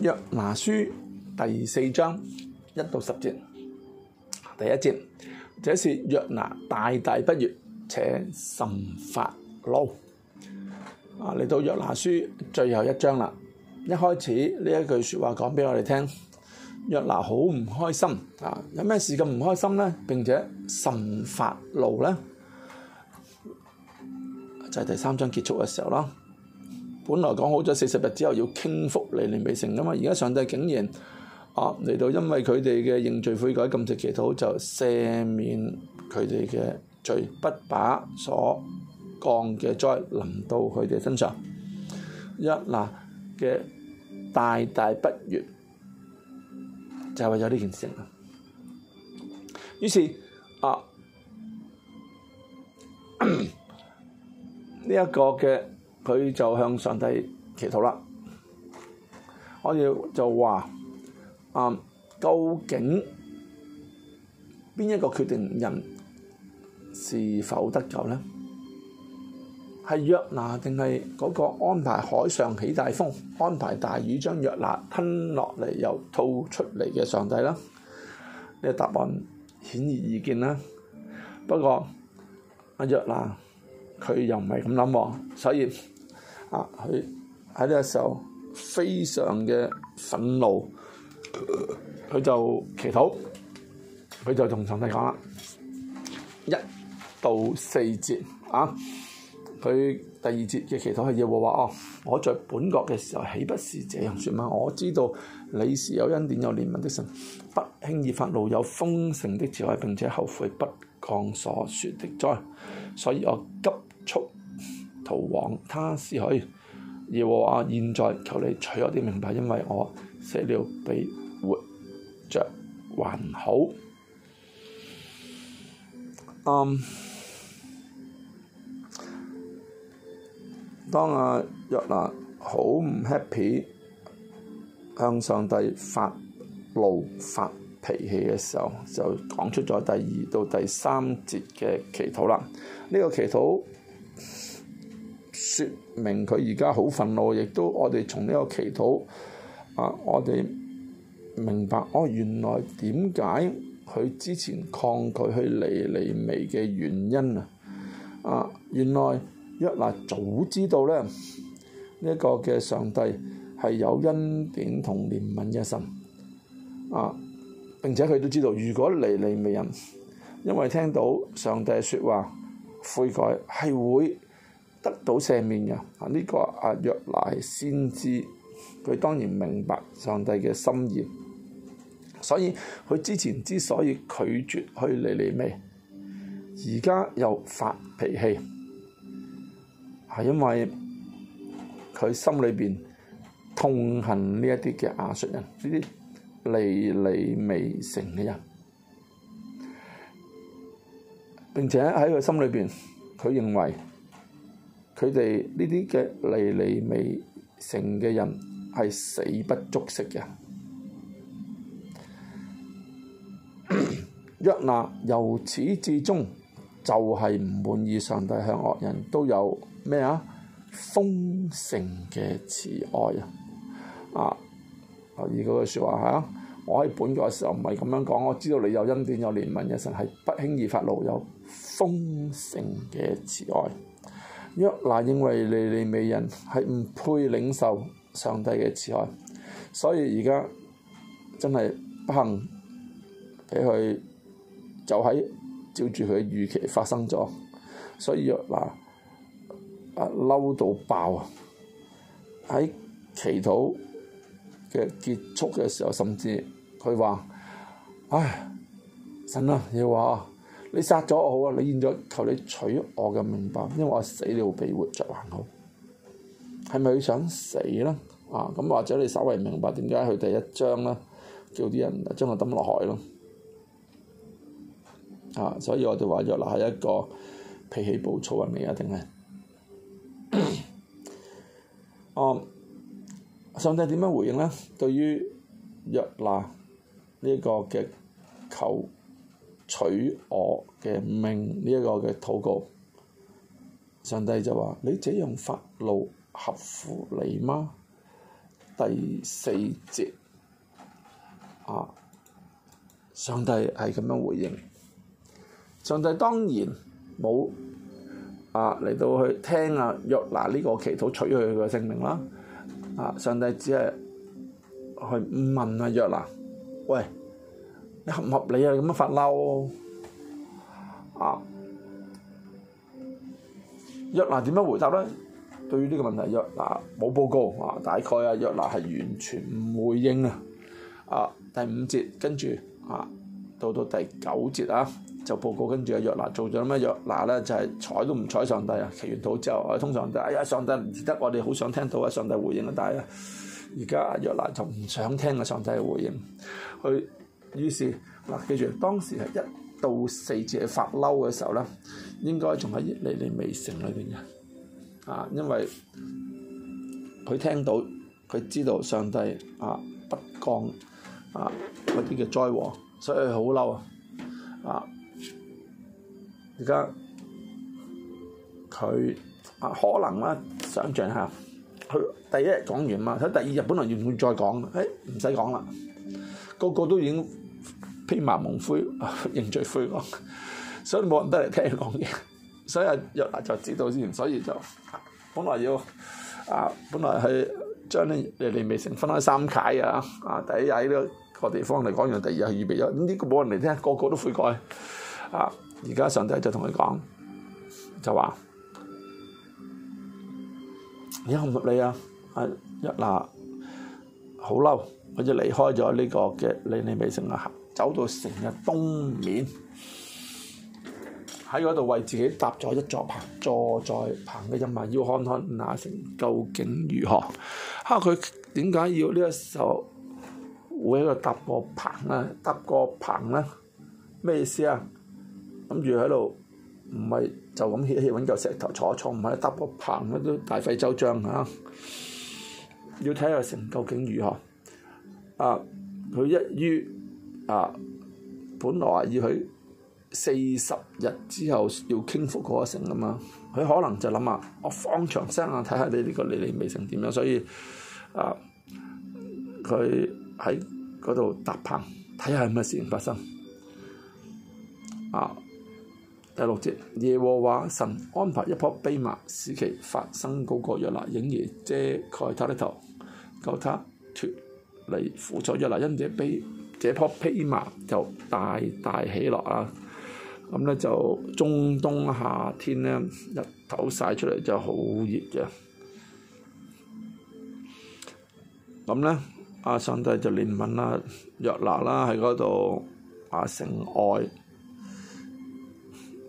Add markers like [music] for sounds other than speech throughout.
約拿書第四章一到十節，第一節，這事約拿大大不悦且甚發怒。啊，嚟到約拿書最後一章啦，一開始呢一句說話講畀我哋聽，約拿好唔開心啊！有咩事咁唔開心呢？並且甚發怒呢，就係、是、第三章結束嘅時候啦。本來講好咗四十日之後要傾覆尼尼微城噶嘛，而家上帝竟然啊嚟到，因為佢哋嘅認罪悔改、禁食、祈禱，就赦免佢哋嘅罪，不把所降嘅災臨到佢哋身上。一嗱嘅大大不悅，就係為咗呢件事啊。於是啊呢一個嘅。佢就向上帝祈禱啦，我哋就話，啊，究竟邊一個決定人是否得救呢？係約拿定係嗰個安排海上起大風，安排大雨將約拿吞落嚟又吐出嚟嘅上帝啦？呢個答案顯而易見啦。不過阿約拿佢又唔係咁諗喎，所以。佢喺呢個時候非常嘅憤怒，佢就祈禱，佢就同上帝講啦，一到四節啊！佢第二節嘅祈禱係耶和華哦，我在本國嘅時候，豈不是這樣説嗎？我知道你是有恩典有憐憫的神，不輕易發怒，有豐盛的智慧，並且後悔不降所説的災，所以我急速。逃往他施去，耶和華現在求你取我啲名牌，因為我死了比活着還好。Um, 當阿約拿好唔 happy，向上帝發怒發脾氣嘅時候，就講出咗第二到第三節嘅祈禱啦。呢、這個祈禱。説明佢而家好憤怒，亦都我哋從呢個祈禱啊，我哋明白哦，原來點解佢之前抗拒去尼尼微嘅原因啊。啊，原來約拿早知道咧，呢一個嘅上帝係有恩典同憐憫嘅心啊！並且佢都知道，如果尼尼微人因為聽到上帝嘅説話悔改，係會。得到赦免嘅，啊呢個阿約拿先知，佢當然明白上帝嘅心意，所以佢之前之所以拒絕去尼尼微，而家又發脾氣，係因為佢心裏邊痛恨呢一啲嘅亞述人，呢啲尼尼微城嘅人，並且喺佢心裏邊，佢認為。佢哋呢啲嘅尼尼微城嘅人係死不足惜嘅。約拿 [coughs] 由始至終就係、是、唔滿意上帝向惡人都有咩啊？豐盛嘅慈愛啊！啊！留意嗰句説話吓，我喺本國嘅時候唔係咁樣講，我知道你有恩典有憐憫嘅神係不輕易發怒，有豐盛嘅慈愛。約拿認為利利美人係唔配領受上帝嘅慈愛，所以而家真係不幸俾佢就喺照住佢預期發生咗，所以約拿啊嬲到爆啊！喺祈禱嘅結束嘅時候，甚至佢話：唉，神啊，要我你殺咗我好啊！你現在求你取我嘅命吧，因為我死了比活着還好，係咪想死呢？啊，咁或者你稍微明白點解佢第一章呢，叫啲人將我抌落海咯。啊，所以我哋話若納係一個脾氣暴躁嘅人定係？哦、 [coughs] 啊，上帝點樣回應呢？對於若納呢個嘅求？取我嘅命呢一個嘅禱告，上帝就話：你這樣發怒合乎你嗎？第四節啊，上帝係咁樣回應。上帝當然冇啊嚟到去聽啊約拿呢個祈禱取佢嘅性命啦。啊，上帝只係去問啊約拿：喂！你合唔合理啊？咁樣發嬲，啊，啊約拿點樣回答咧？對於呢個問題，約拿冇報告啊，大概啊，約拿係完全唔回應啊。啊，第五節跟住啊，到到第九節啊，就報告跟住啊，約拿做咗咩？約拿咧就係、是、睬都唔睬上帝啊！祈完禱之後，我通常就哎呀，上帝唔記得我哋好想聽到啊，上帝回應啊，但係而家約拿就唔想聽啊，上帝嘅回應，佢。於是嗱，記住當時係一到四節發嬲嘅時候咧，應該仲係尼尼微城裏邊嘅，啊，因為佢聽到佢知道上帝啊不降啊嗰啲嘅災禍，所以佢好嬲啊！啊，而家佢可能啦、啊，想象下，佢第一日講完嘛，睇第二日本來要再講，誒唔使講啦，個個都已經。披麻蒙灰，啊、認罪悔改，所以冇人得嚟聽講嘢，所以阿、啊、約拿就知道前，所以就本來要啊，本來係將呢尼尼微城分開三解啊。啊，第一喺呢個地方嚟講完，第二係預備咗呢、這個冇人嚟聽，個個都悔改啊。而家上帝就同佢講，就話，你家唔合理啊！阿、啊、約拿好嬲，佢就離開咗呢個嘅尼尼微城啊。走到城嘅東面，喺嗰度為自己搭咗一座棚，坐在棚嘅蔭下要看看那城究竟如何。吓，佢點解要呢個時候會喺度搭個棚咧？搭個棚咧咩意思啊？諗住喺度唔係就咁歇一歇揾嚿石頭坐一坐，唔係搭個棚咧都大費周章嚇。要睇下城究竟如何。啊，佢一於。啊、本來要佢四十日之後要傾覆嗰一城噶嘛，佢可能就諗下，我放長線啊，睇下你呢個尼尼微城點樣，所以啊，佢喺嗰度搭棚睇下有咩事情發生。看看啊，第六節，耶和華神安排一棵蓖麻，使其發生高過約拿，影兒遮蓋他的頭，救他脱離苦楚。約拿因這蓖這樖蓖麻就大大喜樂啦！咁咧就中東夏天咧，日頭曬出嚟就好熱嘅。咁咧，阿上帝就憐憫啦，約拿啦喺嗰度阿城外。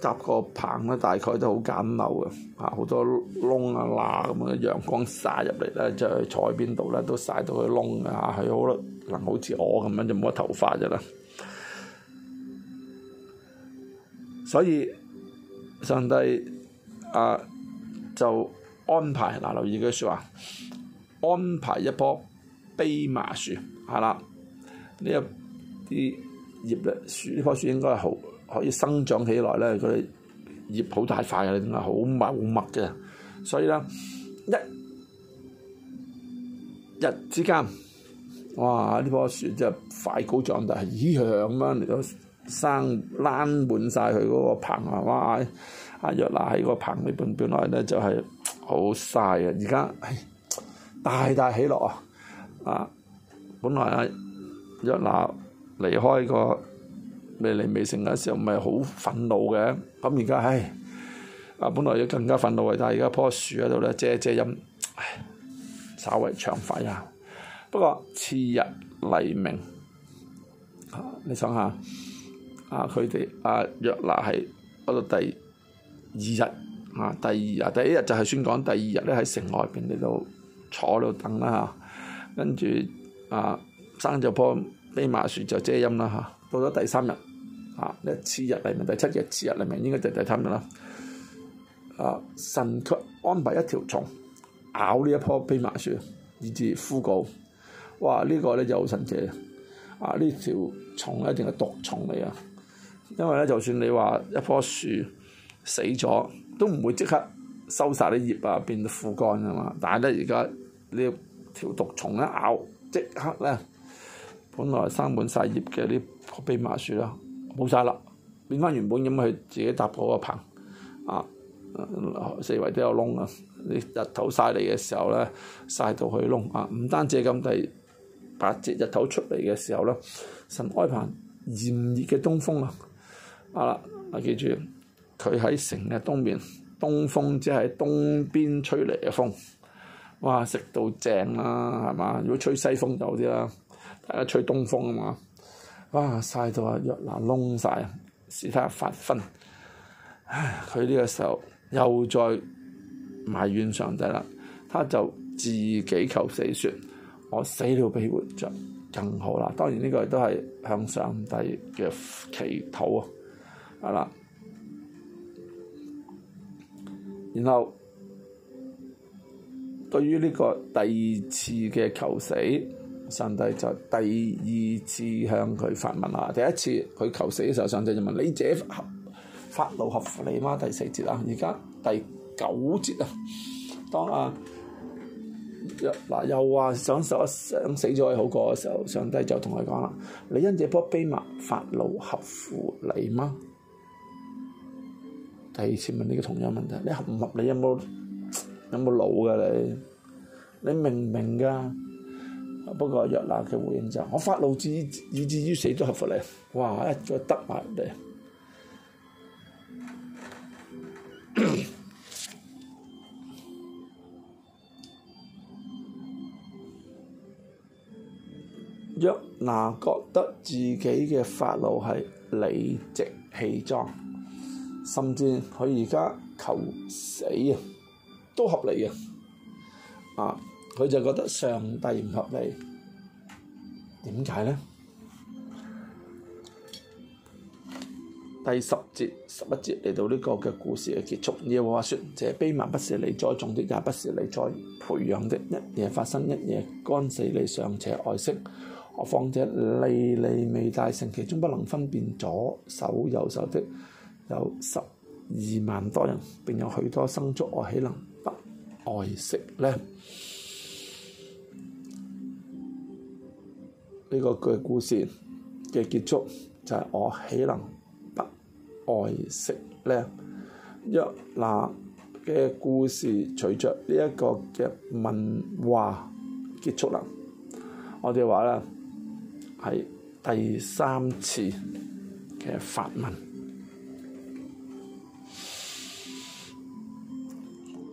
搭個棚咧，大概都好簡陋嘅。嚇，好多窿啊罅咁嘅，陽光曬入嚟咧，就係、坐喺邊度咧都曬到佢窿啊。嚇，係好咯，能好似我咁樣就冇乜頭髮嘅啦。所以上帝啊就安排，嗱，留意句説話，安排一棵蓖麻樹，嚇啦，呢一啲葉咧，樹呢棵樹應該係好。可以生長起來咧，佢葉好大塊嘅，真係好密好密嘅。所以咧，一日之間，哇！呢棵樹即係快高長大，依樣咁樣嚟咗生爛滿晒佢嗰個棚啊！哇！阿約拿喺個棚裏邊，本來咧就係好晒嘅，而家大大起落啊！啊，本來阿約拿離開個。咩嚟未成嗰時候，我咪好憤怒嘅。咁而家唉，啊、哎，本來要更加憤怒，但係而家樖樹喺度咧，遮遮陰，稍微長快下。不過次日黎明，啊、你想下，啊，佢哋，啊，約拿係嗰度第二日，嚇、啊，第二日，第一日就係宣講，第，第二日咧喺城外邊，呢度坐度等啦嚇，跟、啊、住啊，生咗棵蓖麻樹就遮陰啦嚇。啊。到咗第三日，啊！呢次日黎明，第七日次日黎明，應該就係第三日啦。啊！神卻安排一條蟲咬呢一棵蓖麻樹，以致枯槁。哇！這個、呢個咧就好神奇啊！呢條蟲呢一定係毒蟲嚟啊，因為咧就算你話一棵樹死咗，都唔會即刻收晒啲葉啊，變得枯乾噶嘛。但係咧而家呢條毒蟲一咬，即刻咧本來生滿晒葉嘅呢？蓖麻樹啦，冇晒啦，變翻原本咁去自己搭好個棚，啊，四圍都有窿啊！你日頭曬嚟嘅時候咧，曬到佢窿啊！唔單止咁，第八節日頭出嚟嘅時候咧，神安排炎熱嘅東風啊！啊，啊記住，佢喺城嘅東面，東風即係東邊吹嚟嘅風。哇！食到正啦，啊，係嘛？如果吹西風就好啲啦，大家吹東風啊嘛～哇！曬到約拿燶曬，使他發昏。唉，佢呢個時候又再埋怨上帝啦，他就自己求死説：我死了比活着更好啦。當然呢個都係向上帝嘅祈禱啊。係啦，然後對於呢個第二次嘅求死。上帝就第二次向佢發問啦，第一次佢求死嘅時候，上帝就問：你這發,發怒合乎理嗎？第四節啊，而家第九節啊，當啊，嗱又話、啊、想,想,想死想死咗係好過嘅時候，上帝就同佢講啦：你因這樖蓖麻發怒合乎理嗎？第二次問呢個同樣問題，你合唔合理？有冇有冇腦嘅你？你明唔明㗎？不過約拿嘅回應就是，我發怒至以至於死都合乎理，哇！一個得埋嚟。約拿 [coughs] 覺得自己嘅發怒係理直氣壯，甚至佢而家求死啊，都合理啊，佢就覺得上帝唔合理，點解咧？第十節、十一節嚟到呢個嘅故事嘅結束。有話說：這蓖麻不是你栽種的，也不是你栽培養的。一夜發生，一夜乾死。你尚且愛惜，我況且尼尼微大城，其中不能分辨左手右手的有十二萬多人，並有許多牲畜，我豈能不愛惜咧？呢、這個句故事嘅結束就係我豈能不愛惜呢？約拿嘅故事隨着呢一個嘅問話結束啦。我哋話啦，係第三次嘅發問，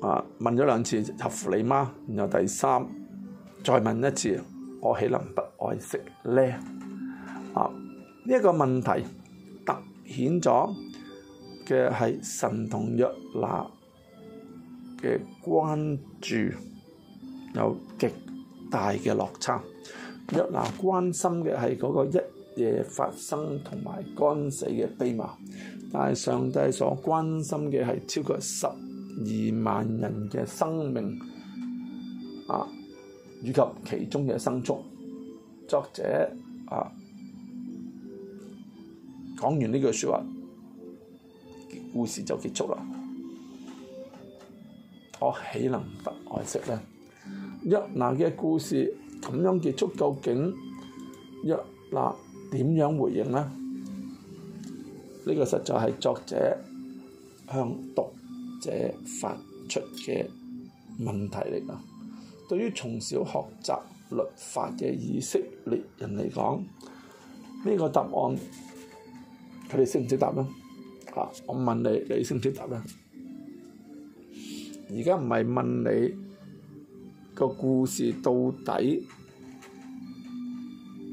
啊，問咗兩次合乎理嗎？然後第三再問一次。我豈能不愛惜呢？啊！呢一個問題凸顯咗嘅係神同約拿嘅關注有極大嘅落差。約拿關心嘅係嗰個一夜發生同埋乾死嘅蓖麻，但係上帝所關心嘅係超過十二萬人嘅生命啊！以及其中嘅牲畜，作者啊，講完呢句説話，故事就結束啦。我豈能不愛惜呢？約拿嘅故事咁樣結束，究竟約拿點樣回應呢？呢個實在係作者向讀者發出嘅問題嚟㗎。對於從小學習律法嘅以色列人嚟講，呢個答案佢哋識唔識答呢？啊，我問你，你識唔識答呢？而家唔係問你個故事到底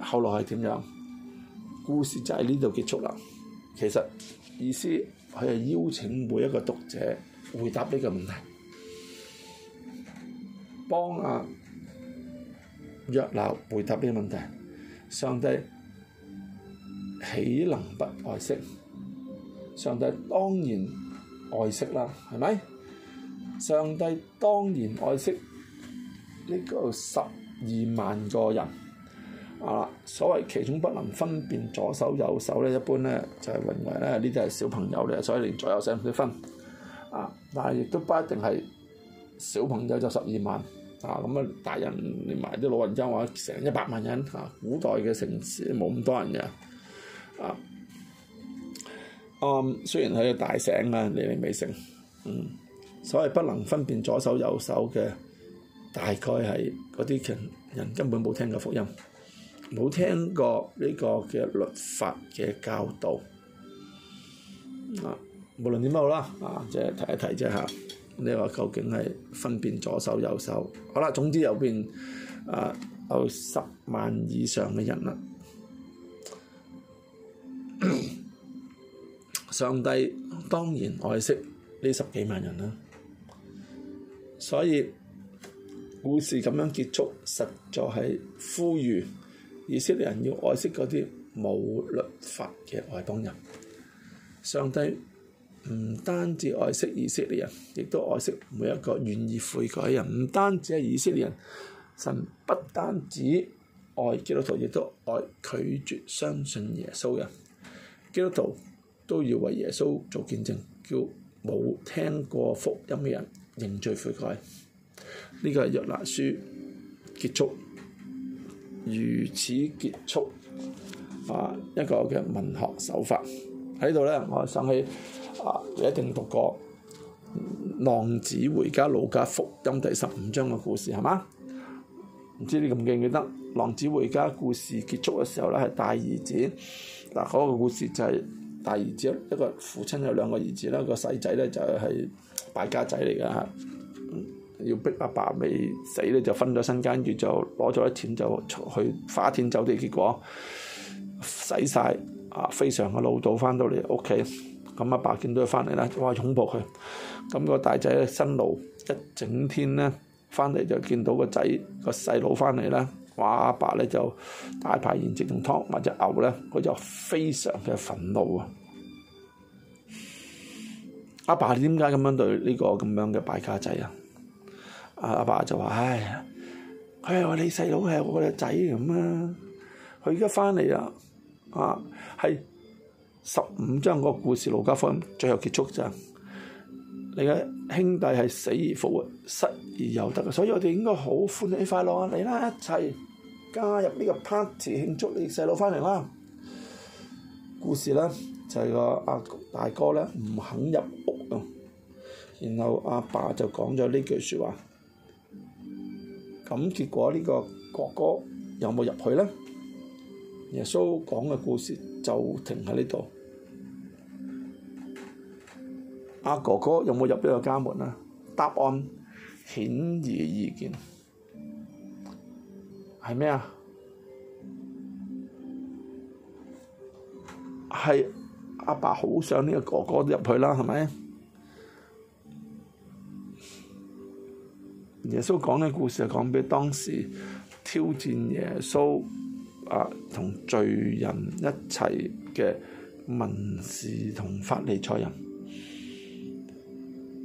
後來係點樣，故事就喺呢度結束啦。其實意思佢係邀請每一個讀者回答呢個問題。幫阿約拿回答呢個問題。上帝豈能不愛惜？上帝當然愛惜啦，係咪？上帝當然愛惜呢個十二萬個人。啊，所謂其中不能分辨左手右手咧，一般咧就係認為咧呢啲係小朋友嚟，所以連左右手都唔識分。啊，但係亦都不一定係小朋友就十二萬。啊咁啊！大人連埋啲老人家，話成一百萬人嚇、啊，古代嘅城市冇咁多人嘅啊。啊，嗯、雖然喺度大醒啊，年齡未成，嗯，所以不能分辨左手右手嘅，大概係嗰啲人根本冇聽過福音，冇聽過呢個嘅律法嘅教導啊。無論點都好啦，啊，即係提一提啫。係、啊。你話究竟係分辨左手右手？好啦，總之右邊啊有十萬以上嘅人啦。 [coughs] 上帝當然愛惜呢十幾萬人啦。所以故事咁樣結束，實在係呼籲以色列人要愛惜嗰啲冇律法嘅外邦人。上帝，唔單止愛惜以色列人，亦都愛惜每一個願意悔改嘅人。唔單止係以色列人，神不單止愛基督徒，亦都愛拒絕相信耶穌嘅人。基督徒都要為耶穌做見證，叫冇聽過福音嘅人認罪悔改。呢、這個係約拿書結束，如此結束啊！一個嘅文學手法喺度咧，我想起。啊！你一定讀過《浪子回家》路加福音第十五章嘅故事，係嘛？唔知你記唔記得《浪子回家》故事結束嘅時候咧，係大兒子嗱嗰、啊嗰個故事就係大兒子一個父親有兩個兒子啦，嗰個細仔咧就係、係、敗家仔嚟㗎嚇，要逼阿爸未死咧就分咗身家，跟住就攞咗啲錢就去花天酒地，結果洗晒，啊！非常嘅潦倒翻到嚟屋企。咁阿爸見到佢翻嚟啦，哇擁抱佢。咁個大仔咧辛勞，一整天咧翻嚟就見到個仔個細佬翻嚟啦，哇阿爸咧就大排筵席送湯，買隻牛咧，佢就非常嘅憤怒啊！阿爸點解咁樣對呢個咁樣嘅敗家仔啊？阿爸就話：唉，佢係話你細佬係我嘅仔咁啊！佢而家翻嚟啦，啊係。十五章嗰個故事，路加福音最後結束咋？你嘅兄弟係死而復活，失而有得，所以我哋應該好歡喜快樂啊！嚟啦，一齊加入呢個 party 慶祝你細佬翻嚟啦！故事呢，就係個阿大哥呢，唔肯入屋啊，然後阿爸就講咗呢句説話，咁結果呢個哥哥有冇入去呢？耶穌講嘅故事就停喺呢度。阿哥哥有冇入呢個家門啊？答案顯而易見，係咩啊？係阿爸好想呢個哥哥入去啦，係咪？耶穌講嘅故事係講畀當時挑戰耶穌啊同罪人一齊嘅文士同法利賽人。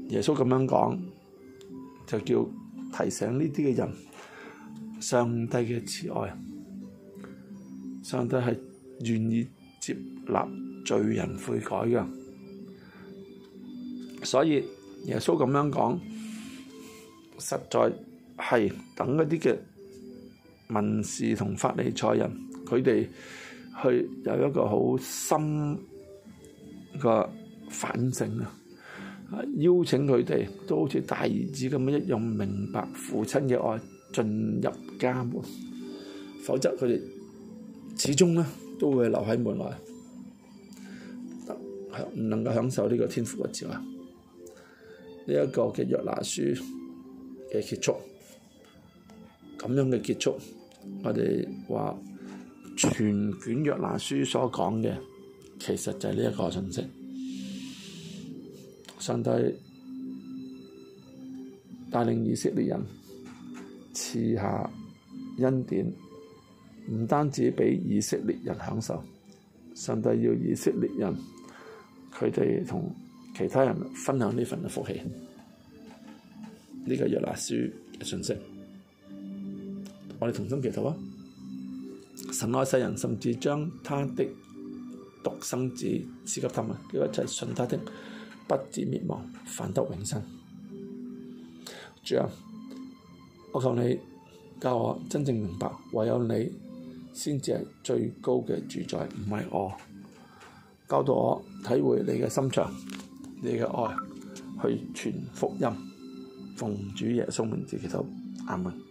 耶穌咁樣講，就叫提醒呢啲嘅人，上帝嘅慈愛，上帝係願意接納罪人悔改嘅，所以耶穌咁樣講，實在係等嗰啲嘅文士同法利賽人，佢哋去有一個好深嘅反省啊！邀請佢哋都好似大兒子咁樣一樣明白父親嘅愛，進入家門。否則佢哋始終咧都會留喺門外，唔能夠享受呢個天父嘅照。呢、這、一個嘅約拿書嘅結束，咁樣嘅結束，我哋話全卷約拿書所講嘅，其實就係呢一個信息。上帝帶領以色列人賜下恩典，唔單止畀以色列人享受，上帝要以色列人佢哋同其他人分享呢份福氣。呢、這個約拿書嘅信息，我哋同心祈禱啊！神愛世人，甚至將他的獨生子賜給他們，叫一切信他的。不至滅亡，反得永生。主啊，我求你教我真正明白，唯有你先至係最高嘅主宰，唔係我。教到我體會你嘅心腸，你嘅愛，去傳福音，奉主耶穌名字祈禱，阿門。